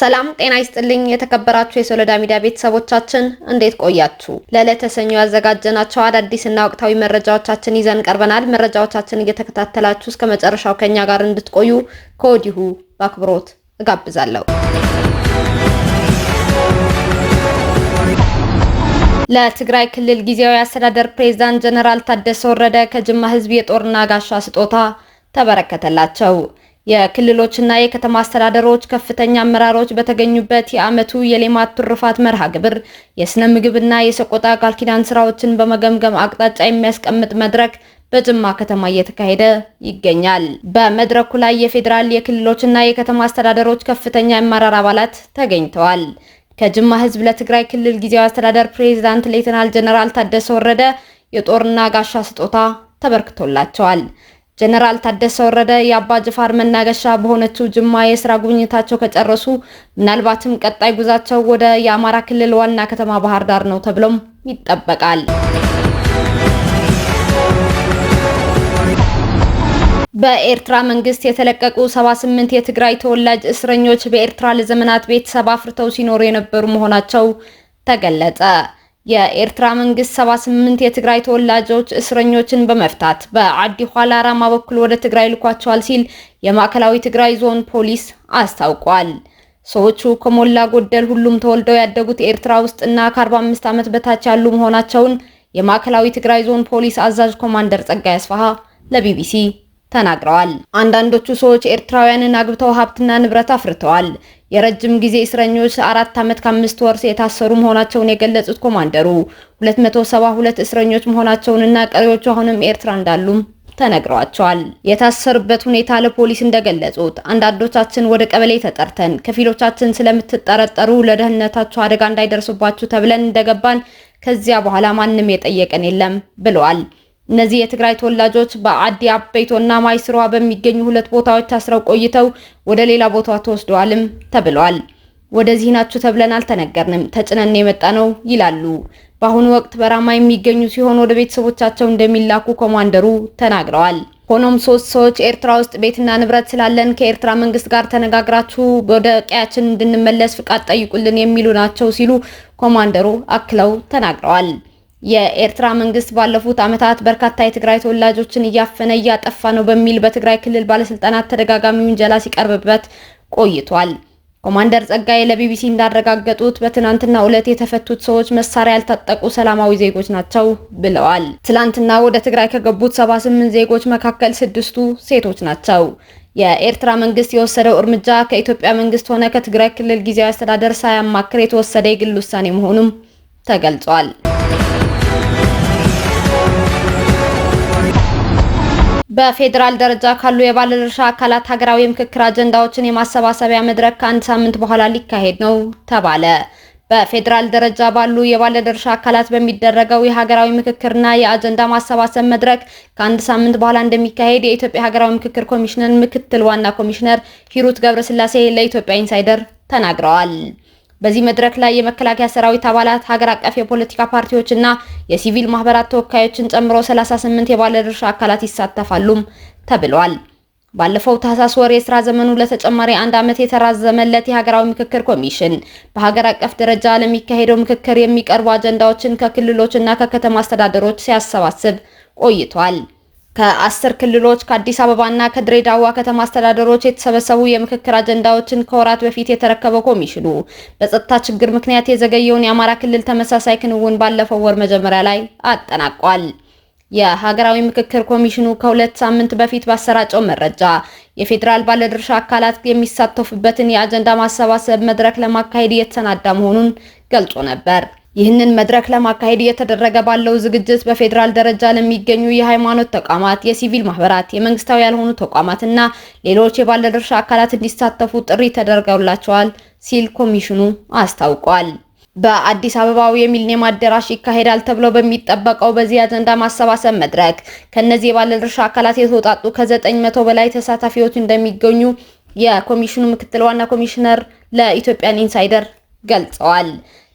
ሰላም ጤና ይስጥልኝ። የተከበራችሁ የሶለዳ ሚዲያ ቤተሰቦቻችን እንዴት ቆያችሁ? ለዕለተ ሰኞ ያዘጋጀናቸው አዳዲስና ወቅታዊ መረጃዎቻችን ይዘን ቀርበናል። መረጃዎቻችን እየተከታተላችሁ እስከ መጨረሻው ከኛ ጋር እንድትቆዩ ከወዲሁ በአክብሮት እጋብዛለሁ። ለትግራይ ክልል ጊዜያዊ አስተዳደር ፕሬዝዳንት ጀነራል ታደሰ ወረደ ከጅማ ህዝብ የጦርና ጋሻ ስጦታ ተበረከተላቸው። የክልሎችና የከተማ አስተዳደሮች ከፍተኛ አመራሮች በተገኙበት የዓመቱ የሌማት ትሩፋት መርሃ ግብር የስነ ምግብና የሰቆጣ ቃል ኪዳን ስራዎችን በመገምገም አቅጣጫ የሚያስቀምጥ መድረክ በጅማ ከተማ እየተካሄደ ይገኛል። በመድረኩ ላይ የፌዴራል የክልሎችና የከተማ አስተዳደሮች ከፍተኛ የአመራር አባላት ተገኝተዋል። ከጅማ ህዝብ ለትግራይ ክልል ጊዜያዊ አስተዳደር ፕሬዚዳንት ሌተናል ጀነራል ታደሰ ወረደ የጦርና ጋሻ ስጦታ ተበርክቶላቸዋል። ጀነራል ታደሰ ወረደ የአባ ጅፋር መናገሻ በሆነችው ጅማ የስራ ጉብኝታቸው ከጨረሱ ምናልባትም ቀጣይ ጉዛቸው ወደ የአማራ ክልል ዋና ከተማ ባህር ዳር ነው ተብሎም ይጠበቃል። በኤርትራ መንግስት የተለቀቁ 78 የትግራይ ተወላጅ እስረኞች በኤርትራ ለዘመናት ቤተሰብ አፍርተው ሲኖሩ የነበሩ መሆናቸው ተገለጸ። የኤርትራ መንግስት 78 የትግራይ ተወላጆች እስረኞችን በመፍታት በአዲ ኋላ ራማ በኩል ወደ ትግራይ ልኳቸዋል ሲል የማዕከላዊ ትግራይ ዞን ፖሊስ አስታውቋል። ሰዎቹ ከሞላ ጎደል ሁሉም ተወልደው ያደጉት ኤርትራ ውስጥና ከ45 ዓመት በታች ያሉ መሆናቸውን የማዕከላዊ ትግራይ ዞን ፖሊስ አዛዥ ኮማንደር ጸጋይ አስፋሃ ለቢቢሲ ተናግረዋል። አንዳንዶቹ ሰዎች ኤርትራውያንን አግብተው ሀብትና ንብረት አፍርተዋል። የረጅም ጊዜ እስረኞች አራት ዓመት ከአምስት ወር የታሰሩ መሆናቸውን የገለጹት ኮማንደሩ 272 እስረኞች መሆናቸውንና ቀሪዎቹ አሁንም ኤርትራ እንዳሉም ተነግሯቸዋል። የታሰሩበት ሁኔታ ለፖሊስ እንደገለጹት አንዳንዶቻችን ወደ ቀበሌ ተጠርተን ከፊሎቻችን ስለምትጠረጠሩ ለደህንነታችሁ አደጋ እንዳይደርስባችሁ ተብለን እንደገባን ከዚያ በኋላ ማንም የጠየቀን የለም ብለዋል። እነዚህ የትግራይ ተወላጆች በአዲ አበይቶና ማይስሯ በሚገኙ ሁለት ቦታዎች ታስረው ቆይተው ወደ ሌላ ቦታ ተወስደዋልም ተብለዋል። ወደዚህ ናችሁ ተብለን አልተነገርንም፣ ተጭነን የመጣ ነው ይላሉ። በአሁኑ ወቅት በራማ የሚገኙ ሲሆን ወደ ቤተሰቦቻቸው እንደሚላኩ ኮማንደሩ ተናግረዋል። ሆኖም ሶስት ሰዎች ኤርትራ ውስጥ ቤትና ንብረት ስላለን ከኤርትራ መንግስት ጋር ተነጋግራችሁ ወደ ቀያችን እንድንመለስ ፍቃድ ጠይቁልን የሚሉ ናቸው ሲሉ ኮማንደሩ አክለው ተናግረዋል። የኤርትራ መንግስት ባለፉት ዓመታት በርካታ የትግራይ ተወላጆችን እያፈነ እያጠፋ ነው በሚል በትግራይ ክልል ባለስልጣናት ተደጋጋሚ ውንጀላ ሲቀርብበት ቆይቷል። ኮማንደር ጸጋዬ ለቢቢሲ እንዳረጋገጡት በትናንትና ዕለት የተፈቱት ሰዎች መሳሪያ ያልታጠቁ ሰላማዊ ዜጎች ናቸው ብለዋል። ትላንትና ወደ ትግራይ ከገቡት 78 ዜጎች መካከል ስድስቱ ሴቶች ናቸው። የኤርትራ መንግስት የወሰደው እርምጃ ከኢትዮጵያ መንግስት ሆነ ከትግራይ ክልል ጊዜያዊ አስተዳደር ሳያማክር የተወሰደ የግል ውሳኔ መሆኑም ተገልጿል። በፌዴራል ደረጃ ካሉ የባለድርሻ አካላት ሀገራዊ የምክክር አጀንዳዎችን የማሰባሰቢያ መድረክ ከአንድ ሳምንት በኋላ ሊካሄድ ነው ተባለ። በፌዴራል ደረጃ ባሉ የባለድርሻ አካላት በሚደረገው የሀገራዊ ምክክርና የአጀንዳ ማሰባሰብ መድረክ ከአንድ ሳምንት በኋላ እንደሚካሄድ የኢትዮጵያ ሀገራዊ ምክክር ኮሚሽን ምክትል ዋና ኮሚሽነር ሂሩት ገብረስላሴ ለኢትዮጵያ ኢንሳይደር ተናግረዋል። በዚህ መድረክ ላይ የመከላከያ ሰራዊት አባላት፣ ሀገር አቀፍ የፖለቲካ ፓርቲዎችና የሲቪል ማህበራት ተወካዮችን ጨምሮ 38 የባለድርሻ አካላት ይሳተፋሉም ተብሏል። ባለፈው ታህሳስ ወር የስራ ዘመኑ ለተጨማሪ አንድ ዓመት የተራዘመለት የሀገራዊ ምክክር ኮሚሽን በሀገር አቀፍ ደረጃ ለሚካሄደው ምክክር የሚቀርቡ አጀንዳዎችን ከክልሎችና ከከተማ አስተዳደሮች ሲያሰባስብ ቆይቷል። ከአስር ክልሎች ከአዲስ አበባና ከድሬዳዋ ከተማ አስተዳደሮች የተሰበሰቡ የምክክር አጀንዳዎችን ከወራት በፊት የተረከበው ኮሚሽኑ በጸጥታ ችግር ምክንያት የዘገየውን የአማራ ክልል ተመሳሳይ ክንውን ባለፈው ወር መጀመሪያ ላይ አጠናቋል። የሀገራዊ ምክክር ኮሚሽኑ ከሁለት ሳምንት በፊት ባሰራጨው መረጃ የፌዴራል ባለድርሻ አካላት የሚሳተፉበትን የአጀንዳ ማሰባሰብ መድረክ ለማካሄድ እየተሰናዳ መሆኑን ገልጾ ነበር። ይህንን መድረክ ለማካሄድ እየተደረገ ባለው ዝግጅት በፌዴራል ደረጃ ለሚገኙ የሃይማኖት ተቋማት፣ የሲቪል ማህበራት፣ የመንግስታዊ ያልሆኑ ተቋማትና ሌሎች የባለድርሻ አካላት እንዲሳተፉ ጥሪ ተደርገውላቸዋል ሲል ኮሚሽኑ አስታውቋል። በአዲስ አበባው የሚሊኒየም አዳራሽ ይካሄዳል ተብሎ በሚጠበቀው በዚህ አጀንዳ ማሰባሰብ መድረክ ከነዚህ የባለድርሻ አካላት የተውጣጡ ከዘጠኝ መቶ በላይ ተሳታፊዎች እንደሚገኙ የኮሚሽኑ ምክትል ዋና ኮሚሽነር ለኢትዮጵያን ኢንሳይደር ገልጸዋል።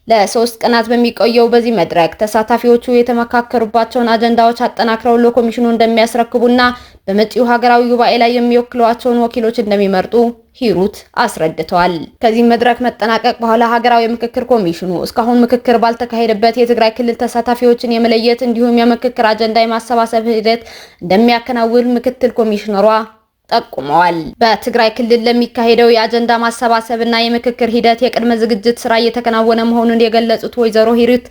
ለሶስት ቀናት በሚቆየው በዚህ መድረክ ተሳታፊዎቹ የተመካከሩባቸውን አጀንዳዎች አጠናክረው ለኮሚሽኑ እንደሚያስረክቡና በመጪው ሀገራዊ ጉባኤ ላይ የሚወክሏቸውን ወኪሎች እንደሚመርጡ ሂሩት አስረድተዋል። ከዚህ መድረክ መጠናቀቅ በኋላ ሀገራዊ ምክክር ኮሚሽኑ እስካሁን ምክክር ባልተካሄደበት የትግራይ ክልል ተሳታፊዎችን የመለየት እንዲሁም የምክክር አጀንዳ የማሰባሰብ ሂደት እንደሚያከናውን ምክትል ኮሚሽነሯ ጠቁመዋል። በትግራይ ክልል ለሚካሄደው የአጀንዳ ማሰባሰብና የምክክር ሂደት የቅድመ ዝግጅት ስራ እየተከናወነ መሆኑን የገለጹት ወይዘሮ ሂሪት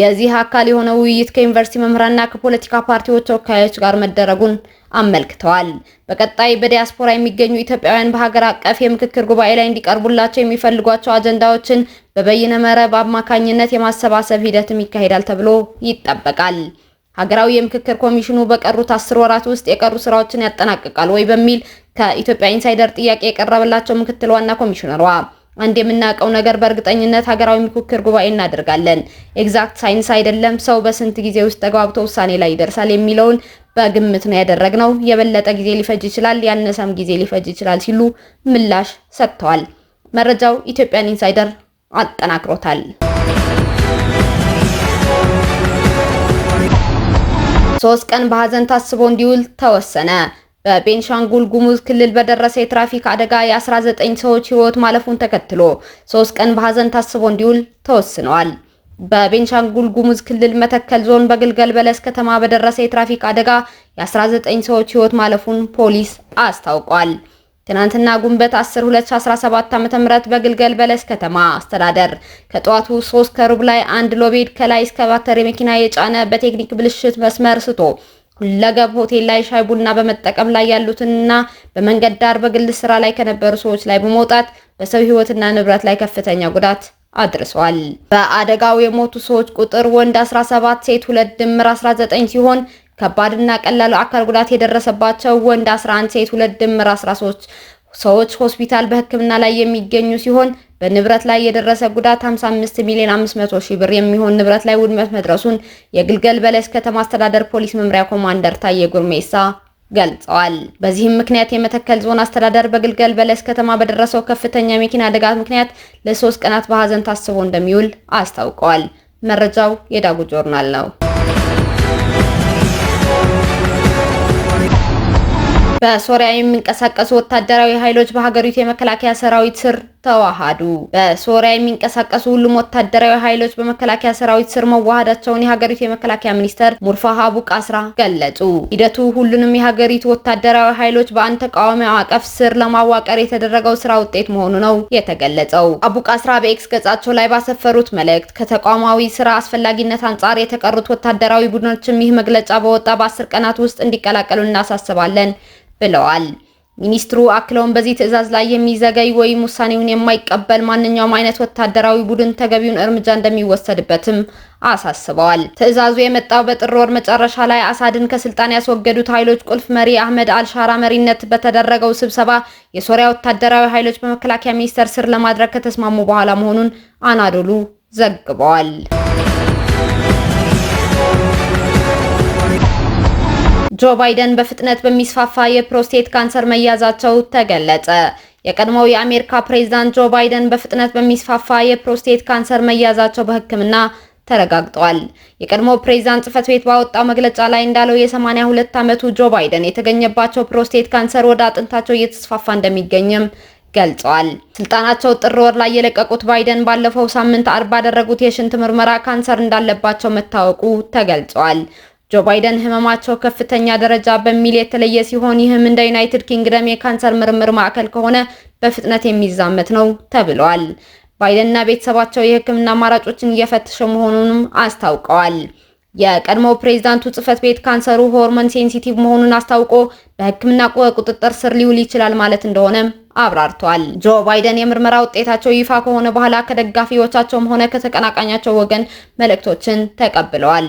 የዚህ አካል የሆነ ውይይት ከዩኒቨርሲቲ መምህራንና ከፖለቲካ ፓርቲዎች ተወካዮች ጋር መደረጉን አመልክተዋል። በቀጣይ በዲያስፖራ የሚገኙ ኢትዮጵያውያን በሀገር አቀፍ የምክክር ጉባኤ ላይ እንዲቀርቡላቸው የሚፈልጓቸው አጀንዳዎችን በበይነ መረብ አማካኝነት የማሰባሰብ ሂደትም ይካሄዳል ተብሎ ይጠበቃል። ሀገራዊ የምክክር ኮሚሽኑ በቀሩት አስር ወራት ውስጥ የቀሩ ስራዎችን ያጠናቅቃል ወይ በሚል ከኢትዮጵያ ኢንሳይደር ጥያቄ የቀረበላቸው ምክትል ዋና ኮሚሽነሯ አንድ የምናውቀው ነገር በእርግጠኝነት ሀገራዊ ምክክር ጉባኤ እናደርጋለን። ኤግዛክት ሳይንስ አይደለም፣ ሰው በስንት ጊዜ ውስጥ ተግባብቶ ውሳኔ ላይ ይደርሳል የሚለውን በግምት ነው ያደረግነው። የበለጠ ጊዜ ሊፈጅ ይችላል፣ ያነሰም ጊዜ ሊፈጅ ይችላል ሲሉ ምላሽ ሰጥተዋል። መረጃው ኢትዮጵያን ኢንሳይደር አጠናክሮታል። ሶስት ቀን በሀዘን ታስቦ እንዲውል ተወሰነ። በቤንሻንጉል ጉሙዝ ክልል በደረሰ የትራፊክ አደጋ የ19 ሰዎች ህይወት ማለፉን ተከትሎ ሶስት ቀን በሀዘን ታስቦ እንዲውል ተወስነዋል። በቤንሻንጉል ጉሙዝ ክልል መተከል ዞን በግልገል በለስ ከተማ በደረሰ የትራፊክ አደጋ የ19 ሰዎች ህይወት ማለፉን ፖሊስ አስታውቋል። ትናንትና ጉንበት 10 2017 ዓ.ም በግልገል በለስ ከተማ አስተዳደር ከጠዋቱ 3 ከሩብ ላይ አንድ ሎቤድ ከላይ እስከ መኪና የጫነ በቴክኒክ ብልሽት መስመር ስቶ ሁለገብ ሆቴል ላይ ሻይ ቡና በመጠቀም ላይ ያሉትንና በመንገድ ዳር በግል ስራ ላይ ከነበሩ ሰዎች ላይ በመውጣት በሰው ህይወትና ንብረት ላይ ከፍተኛ ጉዳት አድርሷል። በአደጋው የሞቱ ሰዎች ቁጥር ወንድ 17፣ ሴት 2 ድምር 19 ሲሆን ከባድና ቀላሉ አካል ጉዳት የደረሰባቸው ወንድ 11 ሴት ሁለት ድምር 13 ሰዎች ሆስፒታል በሕክምና ላይ የሚገኙ ሲሆን በንብረት ላይ የደረሰ ጉዳት 55 ሚሊዮን 500 ሺህ ብር የሚሆን ንብረት ላይ ውድመት መድረሱን የግልገል በለስ ከተማ አስተዳደር ፖሊስ መምሪያ ኮማንደር ታዬ ጉርሜሳ ገልጸዋል። በዚህም ምክንያት የመተከል ዞን አስተዳደር በግልገል በለስ ከተማ በደረሰው ከፍተኛ የመኪና አደጋ ምክንያት ለሶስት ቀናት በሀዘን ታስቦ እንደሚውል አስታውቀዋል። መረጃው የዳጉ ጆርናል ነው። በሶሪያ የሚንቀሳቀሱ ወታደራዊ ኃይሎች በሀገሪቱ የመከላከያ ሰራዊት ስር ተዋሃዱ። በሶሪያ የሚንቀሳቀሱ ሁሉም ወታደራዊ ኃይሎች በመከላከያ ሰራዊት ስር መዋሃዳቸውን የሀገሪቱ የመከላከያ ሚኒስተር ሙርፋሃ አቡቃስራ ገለጹ። ሂደቱ ሁሉንም የሀገሪቱ ወታደራዊ ኃይሎች በአንድ ተቃዋሚ ማዕቀፍ ስር ለማዋቀር የተደረገው ስራ ውጤት መሆኑ ነው የተገለጸው። አቡቃስራ በኤክስ ገጻቸው ላይ ባሰፈሩት መልእክት ከተቋማዊ ስራ አስፈላጊነት አንጻር የተቀሩት ወታደራዊ ቡድኖችም ይህ መግለጫ በወጣ በአስር ቀናት ውስጥ እንዲቀላቀሉ እናሳስባለን ብለዋል። ሚኒስትሩ አክለውን በዚህ ትዕዛዝ ላይ የሚዘገይ ወይም ውሳኔውን የማይቀበል ማንኛውም አይነት ወታደራዊ ቡድን ተገቢውን እርምጃ እንደሚወሰድበትም አሳስበዋል። ትዕዛዙ የመጣው በጥር ወር መጨረሻ ላይ አሳድን ከስልጣን ያስወገዱት ኃይሎች ቁልፍ መሪ አህመድ አልሻራ መሪነት በተደረገው ስብሰባ የሶሪያ ወታደራዊ ኃይሎች በመከላከያ ሚኒስቴር ስር ለማድረግ ከተስማሙ በኋላ መሆኑን አናዶሉ ዘግበዋል። ጆ ባይደን በፍጥነት በሚስፋፋ የፕሮስቴት ካንሰር መያዛቸው ተገለጸ። የቀድሞው የአሜሪካ ፕሬዝዳንት ጆ ባይደን በፍጥነት በሚስፋፋ የፕሮስቴት ካንሰር መያዛቸው በሕክምና ተረጋግጧል። የቀድሞ ፕሬዝዳንት ጽህፈት ቤት ባወጣው መግለጫ ላይ እንዳለው የ82 ዓመቱ ጆ ባይደን የተገኘባቸው ፕሮስቴት ካንሰር ወደ አጥንታቸው እየተስፋፋ እንደሚገኝም ገልጸዋል። ስልጣናቸው ጥር ወር ላይ የለቀቁት ባይደን ባለፈው ሳምንት አርብ ባደረጉት የሽንት ምርመራ ካንሰር እንዳለባቸው መታወቁ ተገልጿል። ጆ ባይደን ህመማቸው ከፍተኛ ደረጃ በሚል የተለየ ሲሆን ይህም እንደ ዩናይትድ ኪንግደም የካንሰር ምርምር ማዕከል ከሆነ በፍጥነት የሚዛመት ነው ተብሏል። ባይደንና ቤተሰባቸው የህክምና አማራጮችን እየፈተሸ መሆኑንም አስታውቀዋል። የቀድሞ ፕሬዝዳንቱ ጽህፈት ቤት ካንሰሩ ሆርሞን ሴንሲቲቭ መሆኑን አስታውቆ በሕክምና ቁጥጥር ስር ሊውል ይችላል ማለት እንደሆነም አብራርቷል። ጆ ባይደን የምርመራ ውጤታቸው ይፋ ከሆነ በኋላ ከደጋፊዎቻቸውም ሆነ ከተቀናቃኛቸው ወገን መልእክቶችን ተቀብለዋል።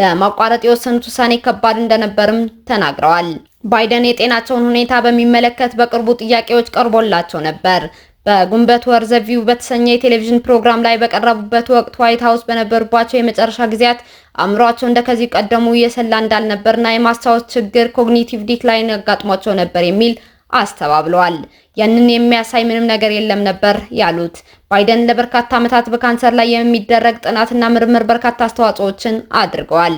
ለማቋረጥ የወሰኑት ውሳኔ ከባድ እንደነበርም ተናግረዋል። ባይደን የጤናቸውን ሁኔታ በሚመለከት በቅርቡ ጥያቄዎች ቀርቦላቸው ነበር። በጉንበት ወር ዘቪው በተሰኘ የቴሌቪዥን ፕሮግራም ላይ በቀረቡበት ወቅት ዋይት ሀውስ በነበሩባቸው የመጨረሻ ጊዜያት አእምሯቸው እንደ ከዚህ ቀደሙ እየሰላ እንዳልነበርና የማስታወስ ችግር ኮግኒቲቭ ዲክላይን ያጋጥሟቸው ነበር የሚል አስተባብለዋል። ያንን የሚያሳይ ምንም ነገር የለም ነበር ያሉት ባይደን ለበርካታ ዓመታት በካንሰር ላይ የሚደረግ ጥናትና ምርምር በርካታ አስተዋጽኦዎችን አድርገዋል።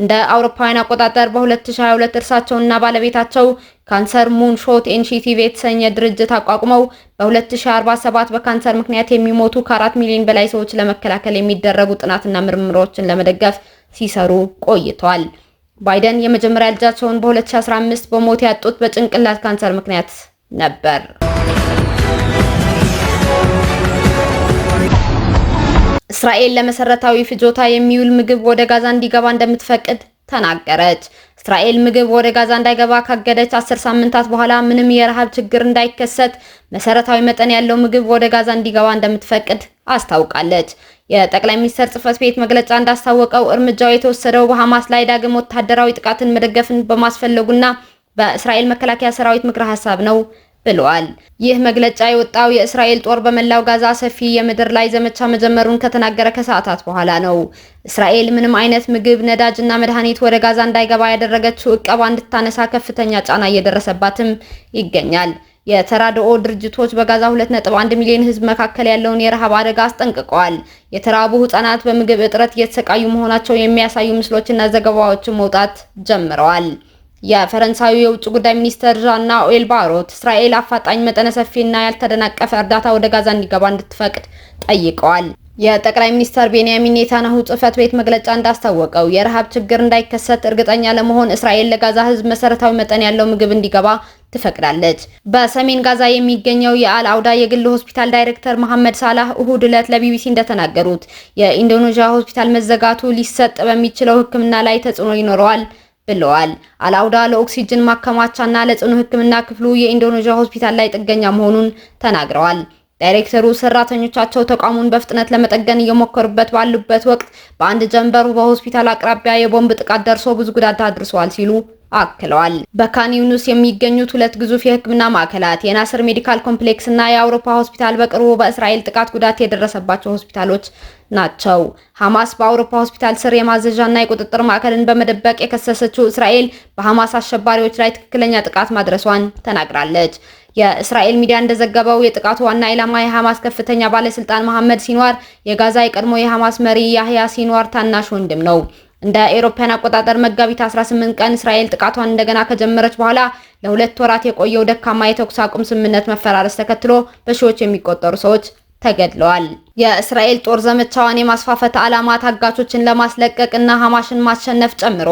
እንደ አውሮፓውያን አቆጣጠር በ2022 እና ባለቤታቸው ካንሰር ሙንሾት ኢኒሺቲቭ የተሰኘ ድርጅት አቋቁመው በ2047 በካንሰር ምክንያት የሚሞቱ ከአራት ሚሊዮን በላይ ሰዎች ለመከላከል የሚደረጉ ጥናትና ምርምሮችን ለመደገፍ ሲሰሩ ቆይተዋል። ባይደን የመጀመሪያ ልጃቸውን በ2015 በሞት ያጡት በጭንቅላት ካንሰር ምክንያት ነበር። እስራኤል ለመሰረታዊ ፍጆታ የሚውል ምግብ ወደ ጋዛ እንዲገባ እንደምትፈቅድ ተናገረች። እስራኤል ምግብ ወደ ጋዛ እንዳይገባ ካገደች አስር ሳምንታት በኋላ ምንም የረሃብ ችግር እንዳይከሰት መሰረታዊ መጠን ያለው ምግብ ወደ ጋዛ እንዲገባ እንደምትፈቅድ አስታውቃለች። የጠቅላይ ሚኒስትር ጽህፈት ቤት መግለጫ እንዳስታወቀው እርምጃው የተወሰደው በሐማስ ላይ ዳግም ወታደራዊ ጥቃትን መደገፍን በማስፈለጉና በእስራኤል መከላከያ ሰራዊት ምክረ ሀሳብ ነው ብለዋል። ይህ መግለጫ የወጣው የእስራኤል ጦር በመላው ጋዛ ሰፊ የምድር ላይ ዘመቻ መጀመሩን ከተናገረ ከሰዓታት በኋላ ነው። እስራኤል ምንም አይነት ምግብ፣ ነዳጅ እና መድኃኒት ወደ ጋዛ እንዳይገባ ያደረገችው እቀባ እንድታነሳ ከፍተኛ ጫና እየደረሰባትም ይገኛል። የተራድኦ ድርጅቶች በጋዛ 2.1 ሚሊዮን ሕዝብ መካከል ያለውን የረሃብ አደጋ አስጠንቅቀዋል። የተራቡ ህጻናት በምግብ እጥረት እየተሰቃዩ መሆናቸው የሚያሳዩ ምስሎችና ዘገባዎችን መውጣት ጀምረዋል። የፈረንሳዩ የውጭ ጉዳይ ሚኒስትር ዣና ኦኤል ባሮት እስራኤል አፋጣኝ መጠነ ሰፊና ያልተደናቀፈ እርዳታ ወደ ጋዛ እንዲገባ እንድትፈቅድ ጠይቀዋል። የጠቅላይ ሚኒስትር ቤንያሚን ኔታንያሁ ጽህፈት ቤት መግለጫ እንዳስታወቀው የረሃብ ችግር እንዳይከሰት እርግጠኛ ለመሆን እስራኤል ለጋዛ ህዝብ መሰረታዊ መጠን ያለው ምግብ እንዲገባ ትፈቅዳለች። በሰሜን ጋዛ የሚገኘው የአል አውዳ የግል ሆስፒታል ዳይሬክተር መሐመድ ሳላህ እሁድ ዕለት ለቢቢሲ እንደተናገሩት የኢንዶኔዥያ ሆስፒታል መዘጋቱ ሊሰጥ በሚችለው ህክምና ላይ ተጽዕኖ ይኖረዋል ብለዋል። አላውዳ ለኦክሲጅን ማከማቻና ለጽኑ ሕክምና ክፍሉ የኢንዶኔዥያ ሆስፒታል ላይ ጥገኛ መሆኑን ተናግረዋል። ዳይሬክተሩ ሰራተኞቻቸው ተቋሙን በፍጥነት ለመጠገን እየሞከሩበት ባሉበት ወቅት በአንድ ጀንበር በሆስፒታል አቅራቢያ የቦምብ ጥቃት ደርሶ ብዙ ጉዳት አድርሰዋል ሲሉ አክለዋል። በካን ዩኒስ የሚገኙት ሁለት ግዙፍ የህክምና ማዕከላት የናስር ሜዲካል ኮምፕሌክስ እና የአውሮፓ ሆስፒታል በቅርቡ በእስራኤል ጥቃት ጉዳት የደረሰባቸው ሆስፒታሎች ናቸው። ሐማስ በአውሮፓ ሆስፒታል ስር የማዘዣና የቁጥጥር ማዕከልን በመደበቅ የከሰሰችው እስራኤል በሐማስ አሸባሪዎች ላይ ትክክለኛ ጥቃት ማድረሷን ተናግራለች። የእስራኤል ሚዲያ እንደዘገበው የጥቃቱ ዋና ኢላማ የሐማስ ከፍተኛ ባለስልጣን መሐመድ ሲንዋር የጋዛ የቀድሞ የሐማስ መሪ ያህያ ሲንዋር ታናሽ ወንድም ነው። እንደ ኤሮፓያን አቆጣጠር መጋቢት 18 ቀን እስራኤል ጥቃቷን እንደገና ከጀመረች በኋላ ለሁለት ወራት የቆየው ደካማ የተኩስ አቁም ስምምነት መፈራረስ ተከትሎ በሺዎች የሚቆጠሩ ሰዎች ተገድለዋል። የእስራኤል ጦር ዘመቻዋን የማስፋፈት ዓላማ ታጋቾችን ለማስለቀቅ እና ሐማሽን ማሸነፍ ጨምሮ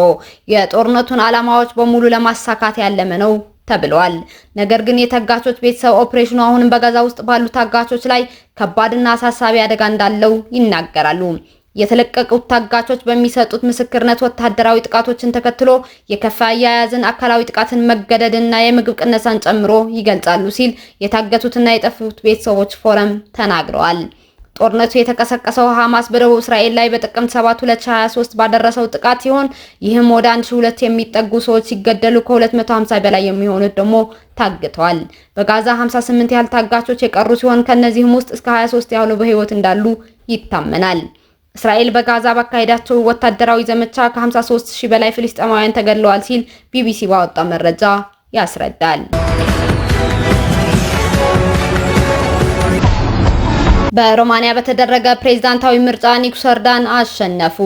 የጦርነቱን ዓላማዎች በሙሉ ለማሳካት ያለመ ነው ተብሏል። ነገር ግን የታጋቾች ቤተሰብ ኦፕሬሽኑ አሁንም በጋዛ ውስጥ ባሉ ታጋቾች ላይ ከባድና አሳሳቢ አደጋ እንዳለው ይናገራሉ። የተለቀቁት ታጋቾች በሚሰጡት ምስክርነት ወታደራዊ ጥቃቶችን ተከትሎ የከፋ አያያዝን፣ አካላዊ ጥቃትን፣ መገደድና የምግብ ቅነሳን ጨምሮ ይገልጻሉ ሲል የታገቱትና የጠፉት ቤተሰቦች ፎረም ተናግረዋል። ጦርነቱ የተቀሰቀሰው ሐማስ በደቡብ እስራኤል ላይ በጥቅምት 7 2023 ባደረሰው ጥቃት ሲሆን ይህም ወደ 1200 የሚጠጉ ሰዎች ሲገደሉ ከ250 በላይ የሚሆኑት ደግሞ ታግተዋል። በጋዛ 58 ያህል ታጋቾች የቀሩ ሲሆን ከእነዚህም ውስጥ እስከ 23 ያህሉ በህይወት እንዳሉ ይታመናል። እስራኤል በጋዛ ባካሄዳቸው ወታደራዊ ዘመቻ ከ53 ሺህ በላይ ፍልስጤማውያን ተገድለዋል ሲል ቢቢሲ ባወጣው መረጃ ያስረዳል። በሮማንያ በተደረገ ፕሬዝዳንታዊ ምርጫ ኒኩስ ሰርዳን አሸነፉ።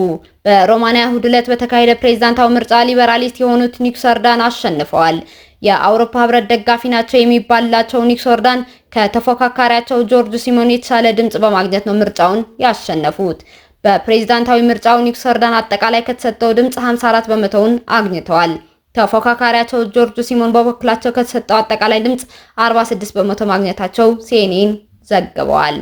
በሮማንያ እሁድ ዕለት በተካሄደ ፕሬዝዳንታዊ ምርጫ ሊበራሊስት የሆኑት ኒኩስ ሰርዳን አሸንፈዋል። የአውሮፓ ህብረት ደጋፊ ናቸው የሚባላቸው ኒክ ሰርዳን ከተፎካካሪያቸው ጆርጅ ሲሞን የተሻለ ድምጽ በማግኘት ነው ምርጫውን ያሸነፉት። በፕሬዝዳንታዊ ምርጫው ኒክ ሰርዳን አጠቃላይ ከተሰጠው ድምፅ 54 በመቶውን አግኝተዋል። ተፎካካሪያቸው ጆርጅ ሲሞን በበኩላቸው ከተሰጠው አጠቃላይ ድምፅ 46 በመቶ ማግኘታቸው ሲኤንኤን ዘግበዋል።